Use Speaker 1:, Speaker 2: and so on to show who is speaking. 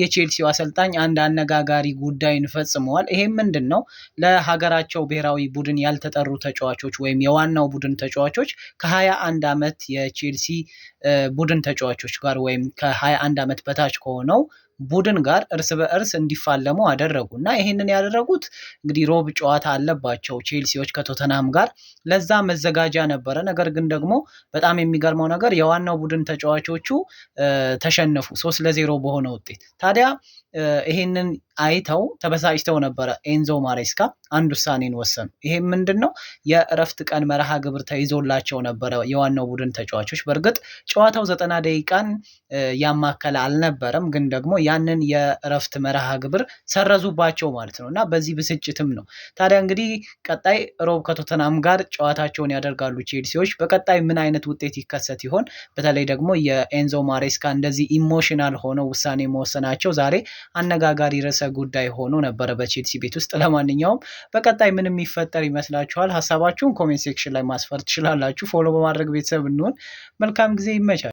Speaker 1: የቼልሲው አሰልጣኝ አንድ አነጋጋሪ ጉዳይን ፈጽመዋል። ይሄም ምንድን ነው? ለሀገራቸው ብሔራዊ ቡድን ያልተጠሩ ተጫዋቾች ወይም የዋናው ቡድን ተጫዋቾች ከሀያ አንድ ዓመት የቼልሲ ቡድን ተጫዋቾች ጋር ወይም ከሀያ አንድ ዓመት በታች ከሆነው ቡድን ጋር እርስ በእርስ እንዲፋለሙ አደረጉ እና ይህንን ያደረጉት እንግዲህ ሮብ ጨዋታ አለባቸው ቼልሲዎች ከቶተናም ጋር ለዛ መዘጋጃ ነበረ። ነገር ግን ደግሞ በጣም የሚገርመው ነገር የዋናው ቡድን ተጫዋቾቹ ተሸነፉ ሶስት ለዜሮ በሆነ ውጤት። ታዲያ ይህንን አይተው ተበሳጭተው ነበረ ኤንዞ ማሬስካ አንድ ውሳኔን ወሰኑ። ይሄ ምንድን ነው? የእረፍት ቀን መርሃ ግብር ተይዞላቸው ነበረ የዋናው ቡድን ተጫዋቾች። በእርግጥ ጨዋታው ዘጠና ደቂቃን ያማከለ አልነበረም፣ ግን ደግሞ ያንን የእረፍት መርሃ ግብር ሰረዙባቸው ማለት ነው እና በዚህ ብስጭትም ነው ታዲያ እንግዲህ ቀጣይ ሮብ ከቶተናም ጋር ጨዋታቸውን ያደርጋሉ ቼልሲዎች። በቀጣይ ምን አይነት ውጤት ይከሰት ይሆን? በተለይ ደግሞ የኤንዞ ማሬስካ እንደዚህ ኢሞሽናል ሆነው ውሳኔ መወሰናቸው ዛሬ አነጋጋሪ ርዕሰ ጉዳይ ሆኖ ነበረ በቼልሲ ቤት ውስጥ። ለማንኛውም በቀጣይ ምን የሚፈጠር ይመስላችኋል? ሀሳባችሁን ኮሜንት ሴክሽን ላይ ማስፈር ትችላላችሁ። ፎሎ በማድረግ ቤተሰብ እንሆን። መልካም ጊዜ ይመቻል።